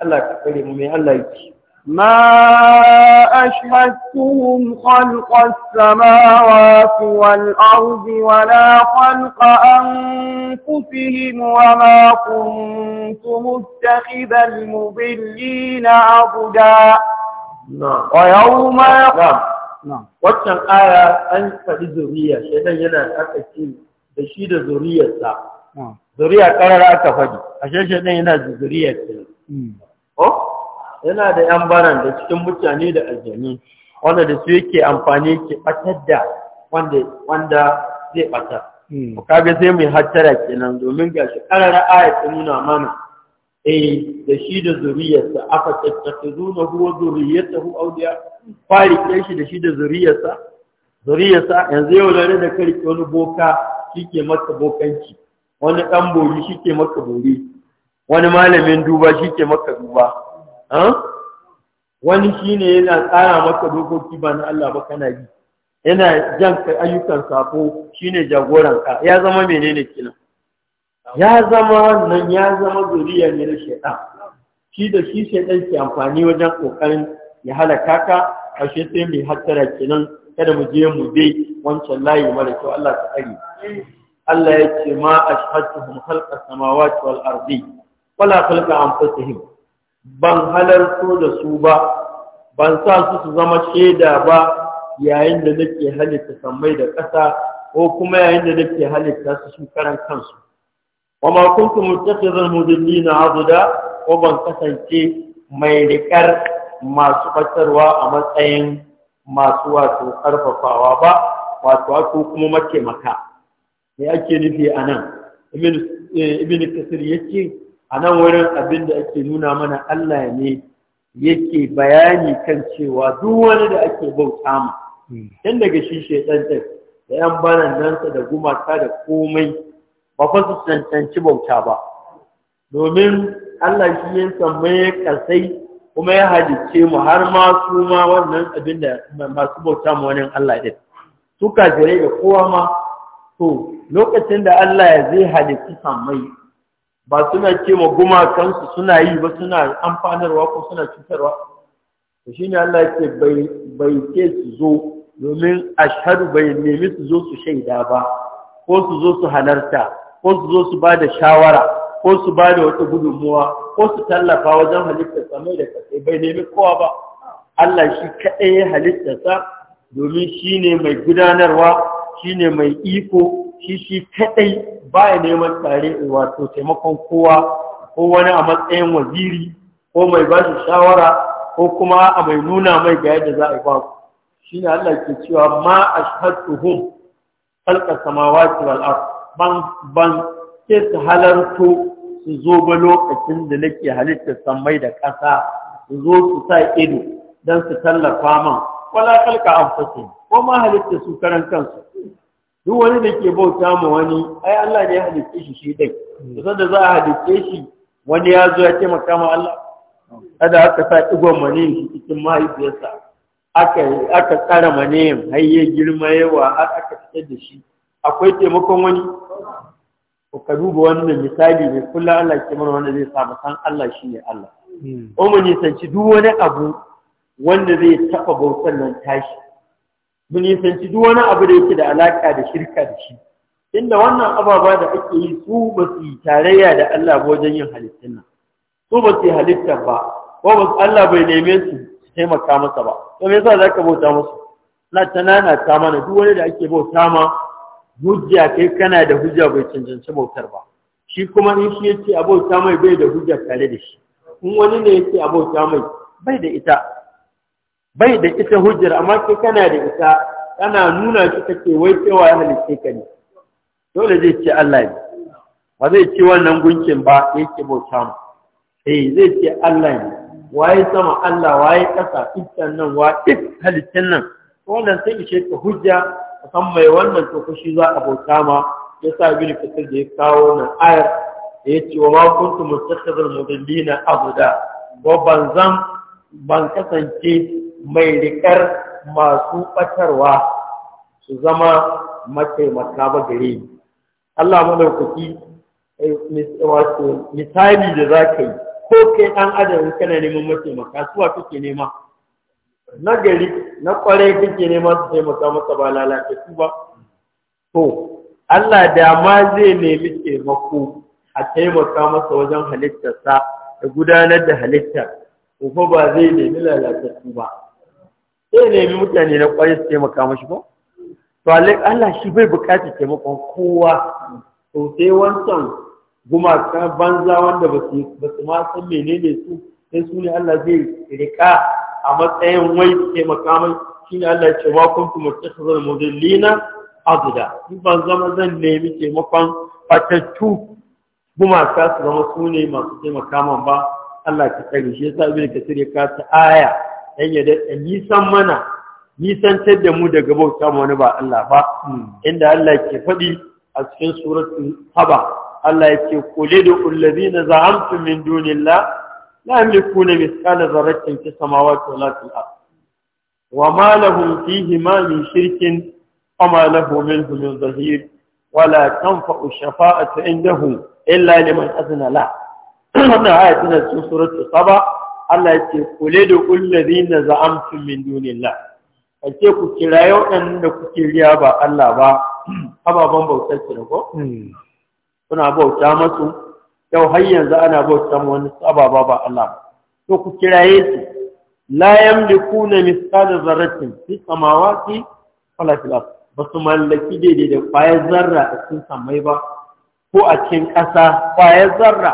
Allah ka kare mu me Allah yake ma ashhadtum khalqa samawati wal ardi wa la khalqa anfusihim wa ma kuntum muttakhidal mudillina abda wa yawma yaqam waccan aya an faɗi zuriya shaidan yana aka ce da shi da zuriyarsa zuriya ƙarar aka faɗi ashe shaidan yana da zuriyar ce mm. yana da yan baran da cikin mutane da aljani wanda da su yake amfani ke ɓatar da wanda zai batar mm. kaga sai mai hattara kenan domin gashi karara aya ta nuna mana eh da shi da zuriyarsa afa zuwa huwa zuriyatahu audiya fari kai shi da shi da zuriyarsa zuriyarsa yanzu yau da da karki wani boka shike maka bokanci wani dan bori shike maka bori wani malamin duba shike maka duba wani shine yana tsara maka dokoki ba na Allah ba kana bi yana jan ayyukan sako shine jagoranka ya zama menene kenan ya zama wannan ya zama zuriya ne na shaidan shi da shi shaidan ke amfani wajen kokarin ya halaka ka a shi sai mai hattara kenan kada mu je mu dai wancan layi mara kyau Allah ta tsare Allah ya ce ma halka khalqa samawati wal ardi wala khalqa anfusihim ban halarto da su ba ban sa su su zama shaida ba yayin da nake halitta sammai da ƙasa ko kuma yayin da nake halitta su su karan kansu wa ma kuntum muttakhidhal mudillina abuda wa ban kasance mai rikar masu fatarwa a matsayin masu wato karfafawa ba wato ko kuma mataimaka me ake nufi anan ibn kasir yace anan wurin abin da ake nuna mana Allah ne yake bayani kan cewa duk wani da ake bauta ma tun daga shi shedan da yan banan nan da gumaka da komai ba fa su cancanci bauta ba domin Allah shi ya samme kasai kuma ya halice mu har ma su ma wannan abin da masu bauta mu wannan Allah din su kafirai da kowa ma to lokacin da Allah ya zai halitta sammai ba suna ce ma gumakansu suna yi ba suna amfanarwa ko suna cutarwa to shine Allah yake bai bai ce su zo domin ashhadu bai nemi su zo su shaida ba ko su zo su halarta ko su zo su ba da shawara ko su ba da wata gudunmuwa ko su tallafa wajen halittar samai da kasai bai nemi kowa ba Allah shi kaɗai ya sa domin shi ne mai gudanarwa shi ne mai iko shi shi kaɗai ba ya neman tare wato taimakon kowa ko wani a matsayin waziri ko mai ba shi shawara ko kuma a mai nuna mai ga yadda za a yi ba shi ne Allah ke cewa ma ashhadtuhum khalqa samawati wal ardh ban ke su halarto su zo ba lokacin da nake halitta sammai da ƙasa su zo su sa ido don su tallafa man wala kalka anfusin ko ma halitta su karan kansu duk wani da ke bauta ma wani ai Allah ne ya halitta shi shi dai kusan da za a halitta shi wani ya zo ya taimaka ma Allah kada aka sa igon mani shi cikin mahaifiyarsa aka aka tsara mani har girma yawa har aka fitar da shi akwai taimakon wani ku ka duba wannan misali mai kullum Allah ke mana wanda zai samu san Allah shi ne Allah hmm. umar nisanci duk wani abu wanda zai taɓa bautan nan tashi mu nisanci duk wani abu da yake da alaƙa da shirka da shi inda wannan ababa da ake yi su ba su yi tarayya da Allah ba wajen yin halittun nan su ba su yi halitta ba ko ba Allah bai neme su su taimaka masa ba to me yasa zaka bauta musu na tanana ta mana duk wani da ake bauta ma hujja kai kana da hujja bai cancanci bautar ba shi kuma in shi yace abauta mai bai da hujja tare da shi in wani ne yace abauta mai bai da ita bai da ita hujjar amma kai kana da ita kana nuna shi kake wai cewa ya halice ka ne dole zai ce Allah ne ba zai ce wannan gunkin ba yake bauta mu eh zai ce Allah ne waye sama Allah waye kasa ittan nan wa ittan nan wannan sai ishe ka hujja ka san mai wannan to za a bauta ma ya sa ibnu fitar da ya kawo nan ayar da ya ce wa ma kuntu mustakhidhal mudillina abuda ko ban zan ban kasance mai rikar masu batarwa su zama mataimaka ba gare ni Allah madaukaki eh, wato misali da za ka ko kai ɗan adam kana neman mataimaka suwa kake nema na gari na kwarai kake neman su taimaka masa ba lalace su ba to Allah da ma zai nemi taimako a taimaka masa wajen halittarsa da gudanar da halittar ko ba zai nemi su ba sai nemi mutane na kwarai su taimaka mashi ba to Allah shi bai bukatar taimakon kowa to sai wancan gumaka banza wanda ba su ma san menene su sai su Allah zai rika a matsayin wai taimaka mai ne Allah ya ce wa kuntum zan mudillina azda in ban zama zan nemi taimakon fatattu gumaka su zama su ne masu taimaka man ba Allah ka tsare shi yasa ibn kasir ya kasa aya dan ya da nisan mana nisantar da mu daga bauta mu wani ba Allah ba inda Allah ke faɗi a cikin suratul haba Allah ya ce qul lidu allazina za'amtum min dunillah la yamlikuna mithqala dharratin fis samawati wala fil ard wa ma lahum fihi ma min shirkin wa ma lahu minhu min zahir wala tanfa'u shafa'atu indahum illa liman azna la wannan aya tana cikin suratul saba Allah ya ce kule da kullazina za'amtum min dunillah kace ku kiraye waɗanda kuke riya ba Allah ba ababan bautar ki ko kuna bauta masu yau har yanzu ana bautan wani sababa ba Allah to ku kiraye su la yamlikuna mithqala zarratin fi samawati wala fil ard ba su mallaki daidai da kwayar zarra a cikin samai ba ko a cikin ƙasa kwayar zarra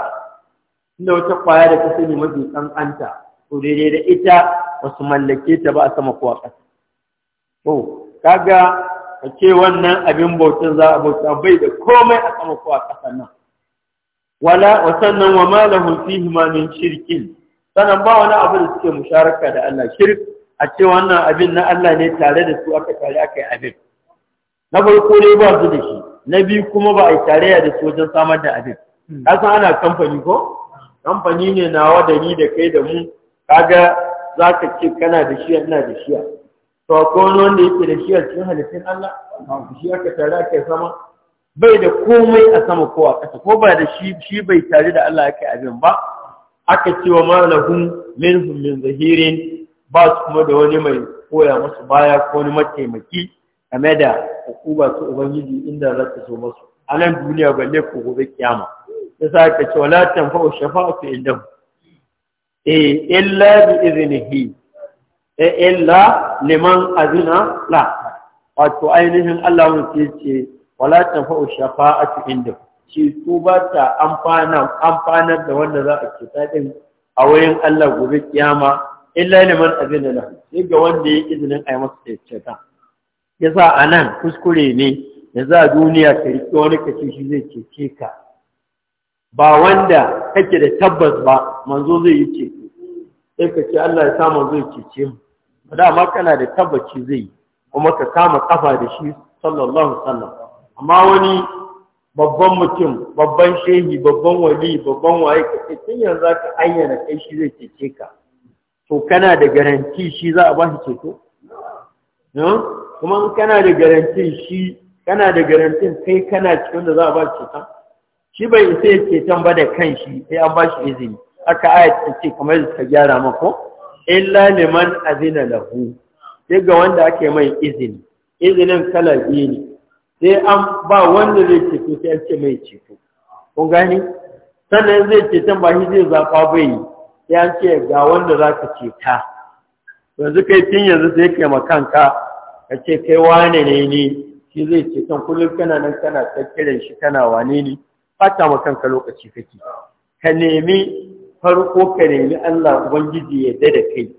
inda wata kwaya da ta ne mafi kankanta ko daidai da ita ba su mallake ta ba a sama ko a ƙasa to kaga a ce wannan abin bautin za a bauta bai da komai a sama ko a ƙasa nan wala wa wa ma fihi ma min shirkin sanan ba wani abu da suke musharaka da Allah shirk a ce wannan abin na Allah ne tare da su aka tare aka yi abin na farko dai ba su da shi na biyu kuma ba a yi tarayya da su wajen samar da abin hmm. kasan ana kamfani ko kamfani ne nawa da ni da kai da mu kaga za ka ce kana da shi, ina da shi. to ko wanda yake da shi a cikin halittun Allah shi aka tare aka yi sama bai da komai a sama ko a ƙasa ko ba da shi shi bai tare da Allah yake abin ba aka ce wa malahum minhum min zahirin ba su kuma da wani mai koya musu baya ko wani mataimaki game da hukuma su ubangiji inda za ta zo musu a nan duniya balle ko gobe kiyama sa aka ce wala tanfa'u shafa'atu illa eh illa bi iznihi eh illa liman azina la wato ainihin Allah mun ce wala ta tanfa'u shafa'atu inda shi su ba ta amfana amfanar da wanda za a cuta din a wurin Allah gobe kiyama illa liman azina lahu sai ga wanda ya izinin a yi masa cuta yasa anan kuskure ne yanzu za duniya ka riƙe wani kace shi zai cece ka ba wanda kake da tabbas ba manzo zai yi ce sai ka ce Allah ya sa manzo ya cece mu ba da ma kana da tabbaci zai kuma ka kama kafa da shi sallallahu alaihi wasallam amma wani babban mutum babban shehi babban wali babban waye ka ce tun yanzu ka ayyana kai shi zai cece ka to kana da garanti shi za a ba shi ceto kuma kana da garantin shi kana da garantin kai kana cikin da za a ba shi ceto shi bai isa ya ceton ba da kan shi sai an ba shi izini aka aya ce kamar da ta gyara mako illa liman azina lahu sai ga wanda ake mai izini izinin kala biyu ne sai an ba wanda zai ceto sai an ce mai ceto kun gani sannan zai ceton ba shi zai zaɓa bai yi sai an ce ga wanda za ka ceta yanzu kai tun yanzu sai kai ma kanka ka ce kai wane ne ni shi zai ceton kullum kana nan kana tsakkirin shi kana wane ne fata ma kanka lokaci kake ka nemi farko ka nemi Allah ubangiji ya da kai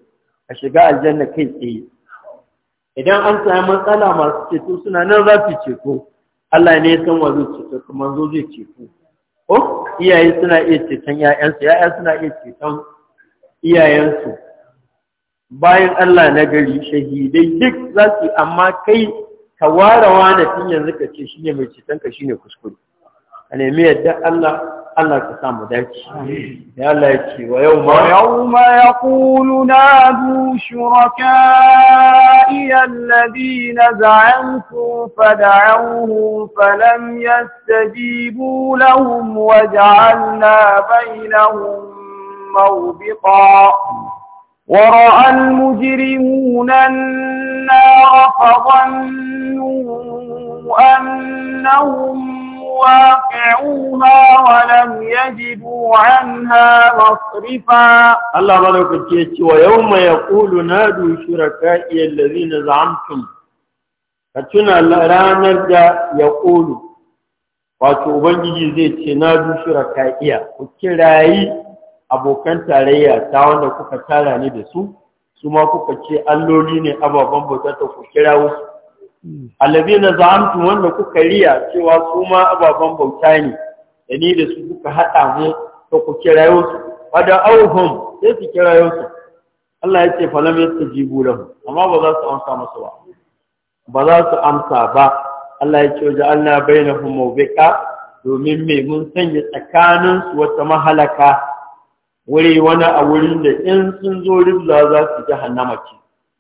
a shiga aljanna kai tsaye idan an samu matsala masu ceto suna nan za su ceto Allah ne ya san wa zai ceto kuma zo zai ceto ko iyaye suna iya ceton ƴaƴansu ƴaƴa suna iya ceton iyayensu bayan Allah na gari shahidai duk za su amma kai ka ware wani tun yanzu ka ce shine mai ceton ka ne kuskure a nemi yadda Allah Allah ka samu dace. Ya Allah ya ce wa yau ma. Yau ma ya kulu na du shuraka iyan labi na za'anku fada'anhu falam yastajibu lahum wa ja'alna bainahum mawbiqa. ورأى المجرمون النار فظنوا أنهم واقعوها ولم يجدوا عنها مصرفا الله ملك da ويوم يقول نادوا شركائي الذين زعمتم فتنا رانا يقول wato ubangiji zai ce na dushi iya? ku kirayi abokan tarayya ta wanda kuka tara ne da su su ma kuka ce alloli ne ababen bauta ku kira wasu na za'amtum wanda kuka riya cewa su ma ababan bauta ne da ni da su kuka haɗa mu ta ku kira su fada auhum sai su kira su Allah ya ce falam da mu. amma ba za su amsa masa ba ba za su amsa ba Allah ya ce ja'alna bainahum mawbiqa domin me mun sanya tsakanin wata mahalaka wuri wani a wurin da in sun zo ribla za su ji hannama ce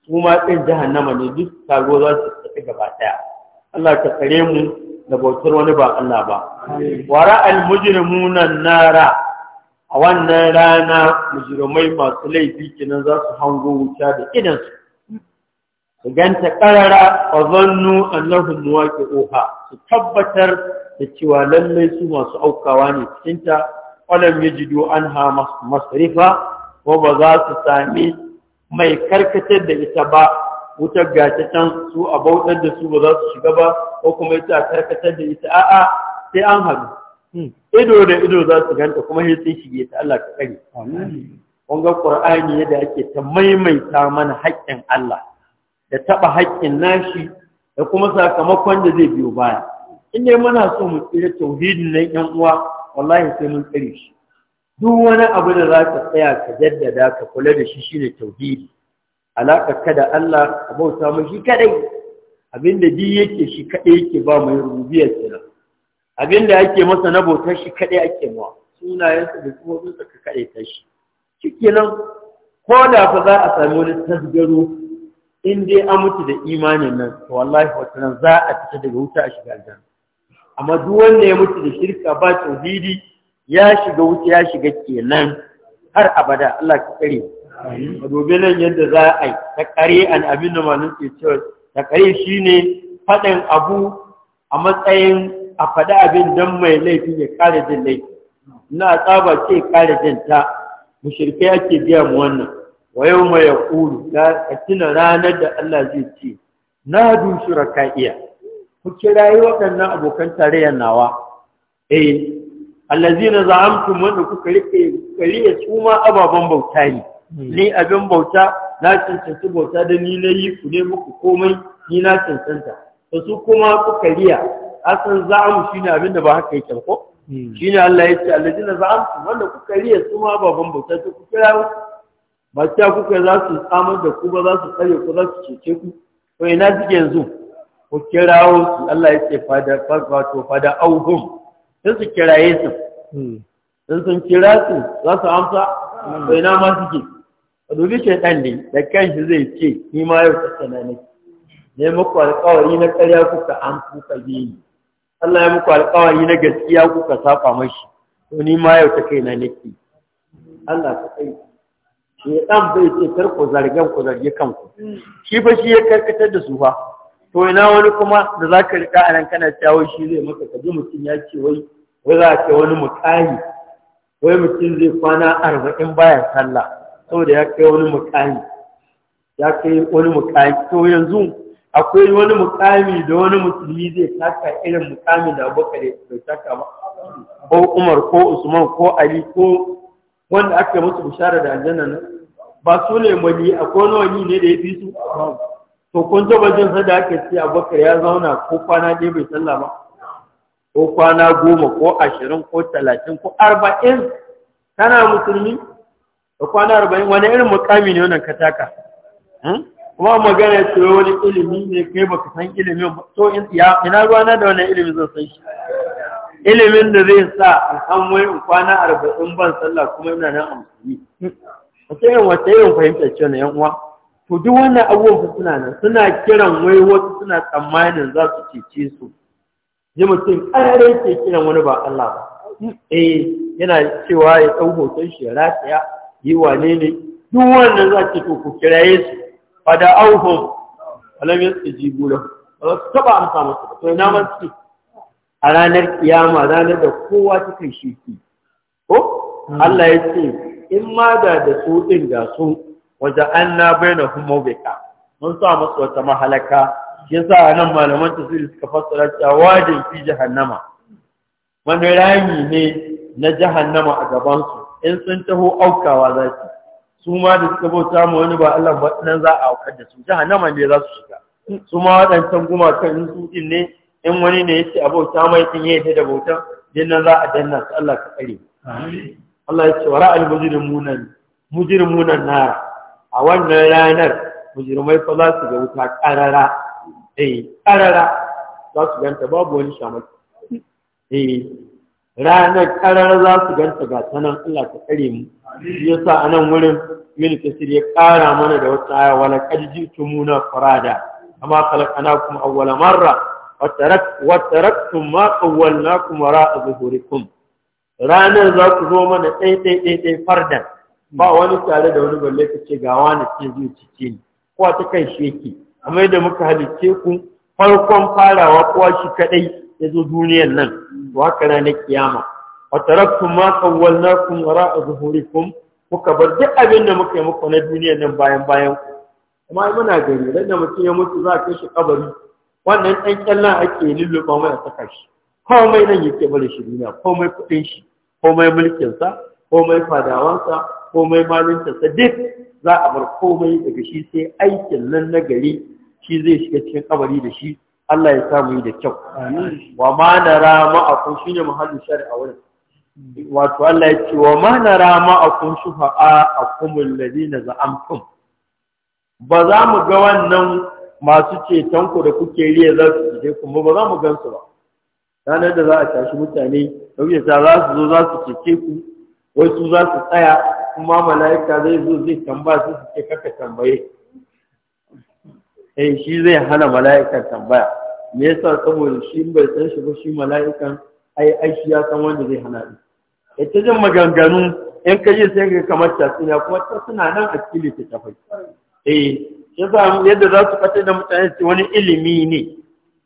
su ma tsin jahannama ne duk taro za su tafi gaba daya Allah ta tsare mu da bautar wani ba Allah ba wara al mujrimuna nara a wannan rana mujrimai masu laifi kenan za su hango wuta da idan su su ganta karara wa zannu annahum muwaqi'uha su tabbatar da cewa lallai su masu aukawa ne cikinta walam yajidu anha masrifa ko ba za su sami mai karkatar da ita ba wutar gace can su a bautar da su ba za su shiga ba ko kuma ita karkatar da ita a'a sai an haɗu hmm. ido da ido za su ganta kuma sai sun shige ta Allah ka kare kun ga Qur'ani yadda ake ta maimaita mana haƙƙin Allah da taɓa haƙƙin nashi da kuma sakamakon da zai biyo baya in dai muna so mu tsira tauhidin nan yan uwa wallahi sai mun tsare shi duk wani abu da za ka tsaya ka jaddada ka kula da shi shi ne tauhidi alaƙarka da Allah a bauta mu shi kadai abinda duk yake shi kadai yake ba mai rububiyar kira abinda ake masa na bautar shi kadai ake mawa sunayensa da kuma sun ka kadai ta shi nan, ko da fa za a sami wani tasgaro in dai an mutu da imanin nan to wallahi wata nan za a fita daga wuta a shiga aljanna amma duk wanda ya mutu da shirka ba tauhidi ya shiga wuce ya shiga kenan har abada Allah ka kare a dobe nan yadda za a yi ta kare an abin da malin ke cewa ta kare shi ne faɗin abu a matsayin a faɗi abin don mai laifi ya kare jin laifi na tsaba ce kare jin ta ya ake biya mu wannan wa yau mai ya ƙulu ka tuna ranar da Allah zai ce na dushi iya. ku kirayi waɗannan abokan tarayyar nawa eh allazina za'amtum wanda kuka rike kariya ya tsuma ababan bauta ne hmm. ni abin bauta na cancanci bauta da ni na yi ku ne muku komai ni na cancanta da su kuma kuka riya asan shi ne abin da ba haka yake ko hmm. ne Allah ya ce allazina za'amtum wanda kuka riya tsuma ma ababan bauta ta ku kira ba ta kuka za su samar da ku ba za su tsare ku za su cece ku to ina suke yanzu ku kirawo su Allah ya ce fada fada auhum sai su kiraye su hmm. in sun kira su za su amsa bai na ma suke a dubi ɗan ne da kanshi zai ce ni ma yau tattana ne ne muku alƙawari na ƙarya kuka an kuka biyu Allah ya muku alƙawari na gaskiya kuka saba mashi to ni ma yau ta kai na nake Allah ka kai shaitan bai ce kar ku zargen ku zarge kanku shi fa shi ya karkatar da su fa to ina wani kuma da zaka rika a nan kana cewa shi zai maka kaji mutum ya ce wai wai za ce wani mukami wai mutum zai kwana arba'in bayan sallah saboda ya kai wani mukami ya kai wani mukami to yanzu akwai wani mukami da wani musulmi zai taka irin mukami da da ya taka ba ko umar ko usman ko ali ko wanda aka musu bishara da aljanna nan ba su ne wani akwai wani wani ne da ya fi su to kun taba jin sada ake ce abokan ya zauna ko kwana ɗaya bai sallah ba ko kwana goma ko ashirin ko talatin ko arba'in tana musulmi da kwana arba'in wani irin mukami ne wannan kataka hmm? kuma magana ce wani ilimi ne kai baka san ilimin to ina ruwana da wannan ilimin zan san shi ilimin da zai sa in san wai in kwana arba'in ban sallah kuma ina nan a musulmi wata irin wata fahimtar ce na yan uwa to duk wannan abubuwan suna nan suna kiran wai wasu suna tsammanin za su cece su ji mutum ƙarare ke kiran wani ba Allah ba eh yana cewa ya ɗau hoton shi ya rataya yi wane ne duk wannan za ke to ku kiraye su fa da alamiyar su ji lahu ba su taba amsa masu ba to ina ma a ranar kiyama ranar da kowa ta kai shi ki ko hmm. Allah ya ce in ma da da su ɗin da su waje an na bainahum mawbika mun sa musu wata mahalaka yasa nan malaman tafsiri suka fassara cewa wajin fi jahannama wani rami ne na jahannama a gaban su in sun taho aukawa za su su ma da suka bauta mu wani ba Allah ba nan za a aukar da su jahannama ne za su shiga su ma waɗancan gumakan in su din ne in wani ne yace a bauta mai in yayi da bauta. din nan za a danna su Allah ka tsare Allah ya ce wa ra'al mujrimun mujrimun nar a wannan ranar mujrimai fa za su ga wuta qarara eh karara za su ganta babu wani shamaki eh ranar karara za su ganta ga nan, Allah ta kare mu yasa a nan wurin min kasir ya kara mana da wata aya wala qad tumuna farada amma khalaqnakum awwala marra wa taraktum ma qawwalnakum wara'a zuhurikum ranar za ku zo mana ɗai ɗai ɗai ɗai fardan ba wani tare da wani balle ka ce ga wani ce zuci cike ni ko ta kai shi yake amma yadda muka halicce ku farkon farawa kowa shi kadai ya zo duniyar nan to haka ranar kiyama wa taraktum ma qawwalnakum wara'a zuhurikum muka bar duk abin da muka yi muku na duniyar nan bayan bayan ku amma muna gari ran da mutum ya mutu za a kai shi kabari wannan ɗan kyallan ake lulluɓa mai a saka shi komai nan yake bari shi duniya komai kuɗin shi komai mulkinsa komai fadawansa komai sa duk za a bar komai daga shi sai aikin nan na gari shi zai shiga cikin kabari da shi Allah ya samu yi da kyau wa ma rama kun shi ne muhallin shari'a wurin wato Allah ya ce wa ma rama shi fa'a a kun mulladi na za'amtum ba za mu ga wannan masu ceton ku da kuke riya za su je kuma ba za mu gansu ba ranar da za a tashi mutane ɗaukata za su zo za su ku wasu za su tsaya kuma mala'ika zai zo zai tambaya su su ce kaka tambaye eh shi zai hana mala'ikan tambaya me yasa saboda shi bai san shi ba shi mala'ikan ai ai shi ya san wanda zai hana ni ita eh, jin maganganu in ka ji sai ka kamar ta suna kuma ta suna nan a cikin littattafai eh yasa yadda za su fata da mutane su wani ilimi ne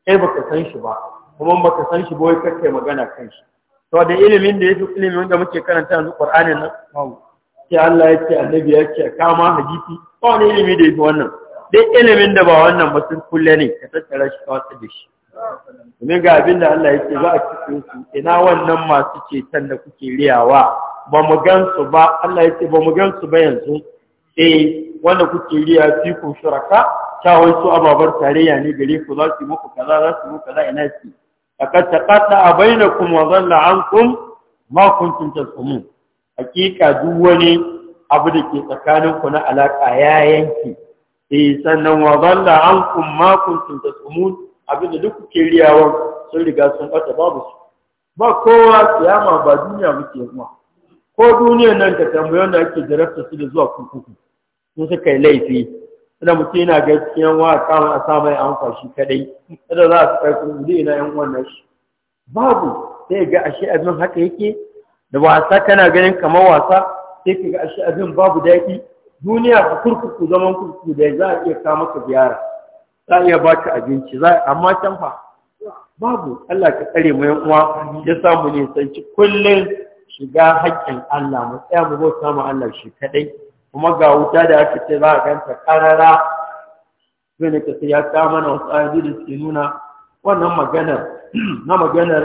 kai baka san shi ba kuma baka san shi ba wai kake magana kan shi to da ilimin da yake ilimin da muke karanta yanzu Qur'ani nan sai Allah ya ce annabi ya ce kama hadisi ba wani ilimi da yake wannan duk ilimin da ba wannan mutum kulle ne ka tattara shi ka watsa da shi domin ga abin da Allah ce za a cikin su ina wannan masu ceton da kuke riyawa ba mu gan su ba Allah ce ba mu gan su ba yanzu eh wanda kuke riya fi ku shuraka wai su ababar tarayya ne gare ku za su muku kaza za su muku kaza ina su faqad taqatta bainakum wa dhalla ankum ma kuntum tasumun hakika duk wani abu da ke tsakaninku na alaka ya yanke eh sannan wa dalla ankum ma kuntum tasumun abinda duk kuke riyawa sun riga sun bata babu su ba kowa kiyama ba duniya muke kuma ko duniyar nan ta tambaya wanda ake jarabta su da zuwa kurkuku sun suka yi laifi suna mutum yana gaskiyan wa kama a mai an kwashi kadai kada za su kai kun zai na yan wannan shi babu sai ga ashe abin haka yake da wasa kana ganin kamar wasa sai ka ga ashe abin babu daɗi duniya ku kurkuku zaman kurkuku da za a iya kawo maka ziyara za a iya ba ka abinci za amma can fa babu Allah ka tsare mu yan uwa ya samu ne sanci kullum shiga haƙƙin Allah mu tsaya mu bauta mu Allah shi kadai kuma ga wuta da aka ce za a ganta karara zai ne sai ya kawo mana wasu ayoyi da suke nuna wannan maganar na maganar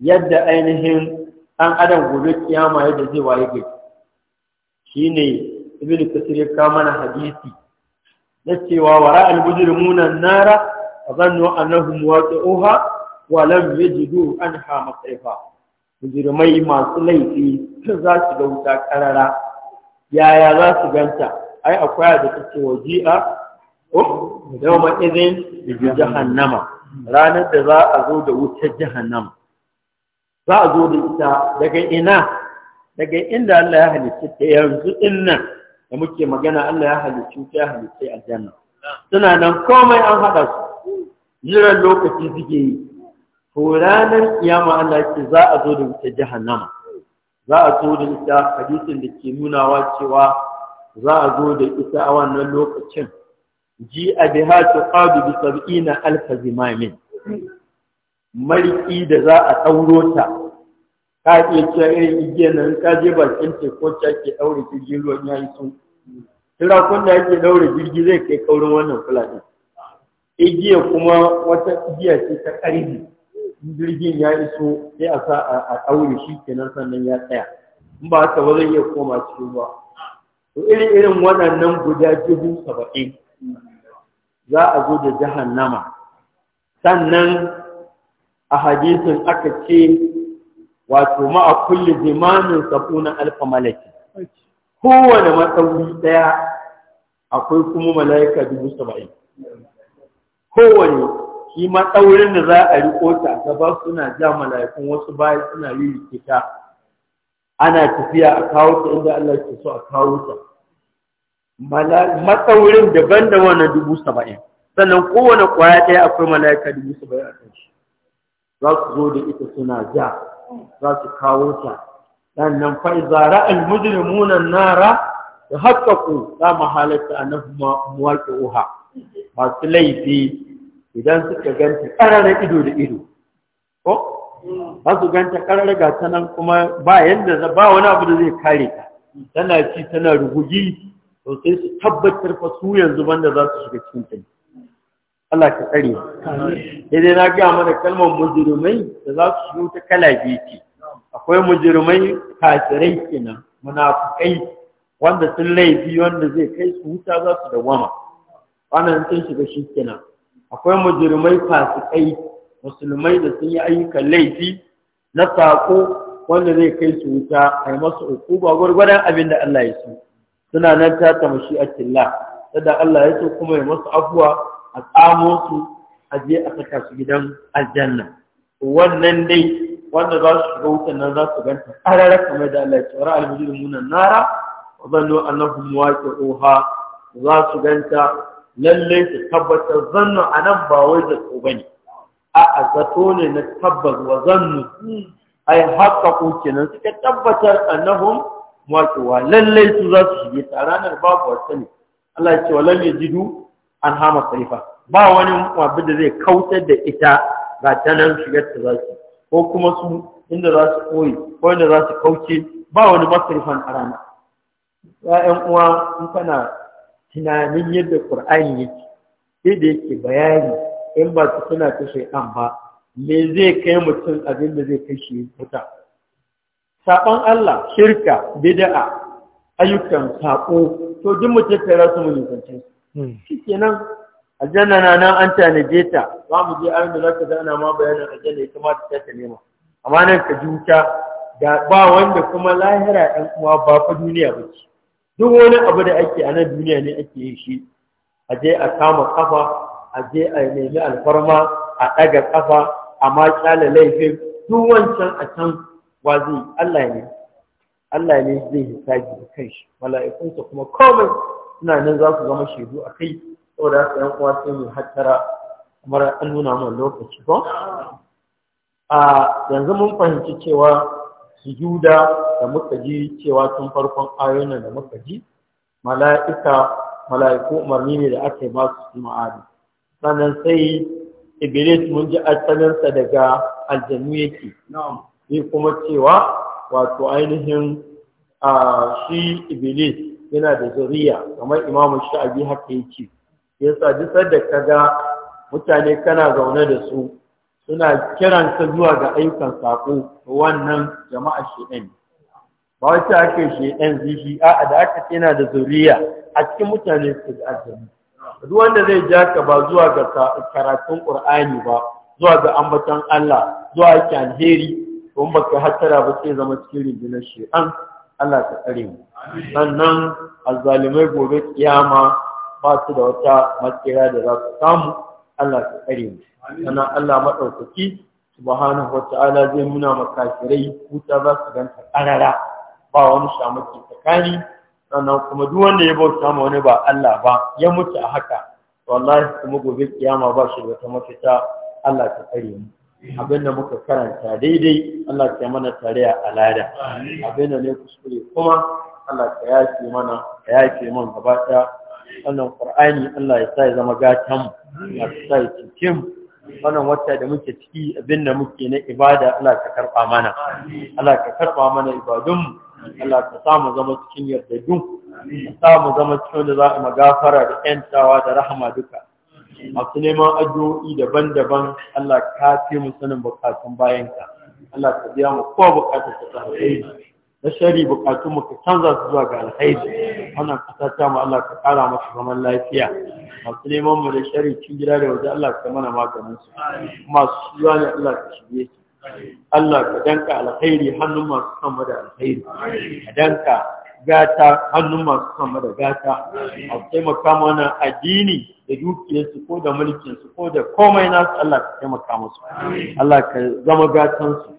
yadda ainihin ɗan adam gobe kiyama yadda zai waye gari ne. ibn kasir ya kawo mana hadisi na cewa wara al-mujrimuna nara azannu annahum waqi'uha wa lam yajidu anha masrifa mujrimai masu laifi za su ga wuta karara yaya za su ganta ai akwai da take waji'a oh da ma izin jahannama ranar da za a zo da wutar jahannama za a zo da ita daga ina daga inda Allah ya halitta ta yanzu din nan da muke magana Allah ya halicci ta ya halicci aljanna suna nan komai an haɗa su jiran lokaci suke yi ko ranar kiyama Allah ce za a zo da ita jahannama za a zo da ita hadisin da ke nunawa cewa za a zo da ita a wannan lokacin ji a biha qadu bi sab'ina alfazimamin. zimamin mariki da za a ɗauro ta ka iya cire igiyar nan ka je bakin teku ta ke ɗaure jirgin ruwan ya yi sun turakun da yake ɗaure jirgi zai kai kaurin wannan fulani igiya kuma wata igiya ce ta ƙarfi jirgin ya iso sai a sa a ɗaure shi kenan sannan ya tsaya in ba haka ba zai iya koma cikin ruwa to irin irin waɗannan guda dubu saba'in za a zo da jahannama sannan a hadisin aka ce wato ma a kulli zimanin sabunan alfa malaki kowane matsauri daya akwai kuma malaika dubu saba'in kowane shi matsaurin da za a riƙo ta gaba suna ja mala'ikun wasu baya suna yi ta ana tafiya a kawo ta inda Allah ke so a kawo ta matsaurin daban da wannan dubu saba'in sannan kowane ƙwaya ɗaya akwai mala'ika dubu saba'in a kan shi za su zo da ita suna ja za su kawo ta sannan fa iza ra'al mujrimuna nara da haqqaqu la mahalata annahum muwaqi'uha masu laifi idan suka ganta karare ido da ido ko ba su ganta karare ga ta nan kuma ba yadda ba wani abu da zai kare ta tana ci tana rugugi to sai su tabbatar fa su yanzu banda za su shiga cikin Allah ka tsare sai dai na gaya mana kalmar mujrimai da za su shi ta kala ce akwai mujrimai kafirai kenan munafukai wanda sun laifi wanda zai kai su wuta za su da wama wannan sun shiga shi kenan akwai mujrimai fasikai musulmai da sun yi ayyukan laifi na sako wanda zai kai su wuta a yi masu ukuba gwargwadon abin da Allah ya so suna nan ta tamashi a attilla sada Allah ya so kuma ya masu abuwa a tsamo su a je a saka su gidan aljanna wannan dai wanda za su shiga wutan nan za su ganta karara kamar da Allah ya ce wa ra'al mujrimuna nara wa zannu annahum waqi'uha za su ganta lalle su tabbatar zannu anan ba wai da ko bane a a zato ne na tabbas wa zannu ai haqqaqu kenan suka tabbatar annahum waqi'uha lalle su za su shige ta ranar babu wata ne Allah ya ce wa lam yajidu an hama tsarifa ba wani wabi da zai kautar da ita ga ta shigar ta za su ko kuma su inda za su koyi ko inda za su kauce ba wani masarifan a rana ya'yan uwa in kana tunanin yadda qur'ani yake yadda yake bayani in ba su suna ta shaitan ba me zai kai mutum abin da zai kai shi wuta saɓon Allah shirka bid'a ayyukan saƙo to duk mu tattara su mu nisanci Hmm. shikenan aljanna na nan an tanaje ta za mu je ayin da zaka ka ana ma bayanin aljanna ya kamata ta ta nema amma nan ka ji wuta ga ba wanda kuma lahira ɗan uwa ba fa duniya ba ce duk wani abu da ake a nan duniya ne ake yin shi a je a kama kafa a je a nemi alfarma a ɗaga kafa a ma kyale laifin duk wancan a can wa zai Allah ne Allah ne zai hisabi da kanshi mala'ikunsa kuma komai suna nan za ku zama shaidu a kai saboda haka yan uwa sai mu hattara kamar an nuna mana lokaci ba a yanzu mun fahimci cewa sujuda da muka ji cewa tun farkon ayoyin da muka ji mala'ika mala'iku umarni ne da aka ba su su ma'adi sannan sai iblis mun ji asalinsa daga aljanu yake ni kuma cewa wato ainihin shi iblis yana da zuriya kamar imamu sha'abi haka yake yasa duk da ka ga mutane kana zaune da su suna kiran ka zuwa ga ayyukan sako wannan jama'a shian ba wata sai ake shedan zishi a'a da aka ce yana da zuriya a cikin mutane su da azumi duk wanda zai ja ka ba zuwa ga karatun qur'ani ba zuwa ga ambaton Allah zuwa ga alheri don baka hatara ba sai zama cikin rundunar shi'an Allah ta tsare mu sannan azalimai gobe kiyama ba su da wata matsira da za su samu Allah ta tsare mu sana Allah maɗaukaki subhanahu wata'ala zai nuna makafirai wuta za su ganta ƙarara ba wani shamaki tsakani sannan kuma duk wanda ya bauta ma wani ba Allah ba ya mutu a haka wallahi kuma gobe kiyama ba shi da wata mafita Allah ta tsare mu abin da muka karanta daidai Allah ta mana tare a alada abin da ne kuskure kuma Allah ka yake mana ka yace man gaba ɗaya wannan Qur'ani Allah ya sa ya zama gatan mu ya sa ya cike mu wannan wata da muke ciki abin da muke na ibada Allah ka karba mana Allah ka karba mana ibadun mu Allah ka sa mu zama cikin yardadun ka sa mu zama cikin da za a gafara da yantawa da rahama duka masu neman addu'o'i daban-daban Allah ka fi mu sanin bukatun bayanka Allah ka biya mu kowa bukatar ta alheri na shari bukatun mu ka canza su zuwa ga alhaji wannan kasa ta mu Allah ka kara masa zaman lafiya masu neman mu da shari cikin gida da waje Allah ka mana maganin su masu shiwa ne Allah ka shige su Allah ka danka alkhairi hannun masu kan mu alkhairi ka danka gata hannun masu kan mu gata a taimaka mana addini da dukiyarsu ko da mulkinsu ko da komai nasu Allah ka taimaka musu Allah ka zama gatansu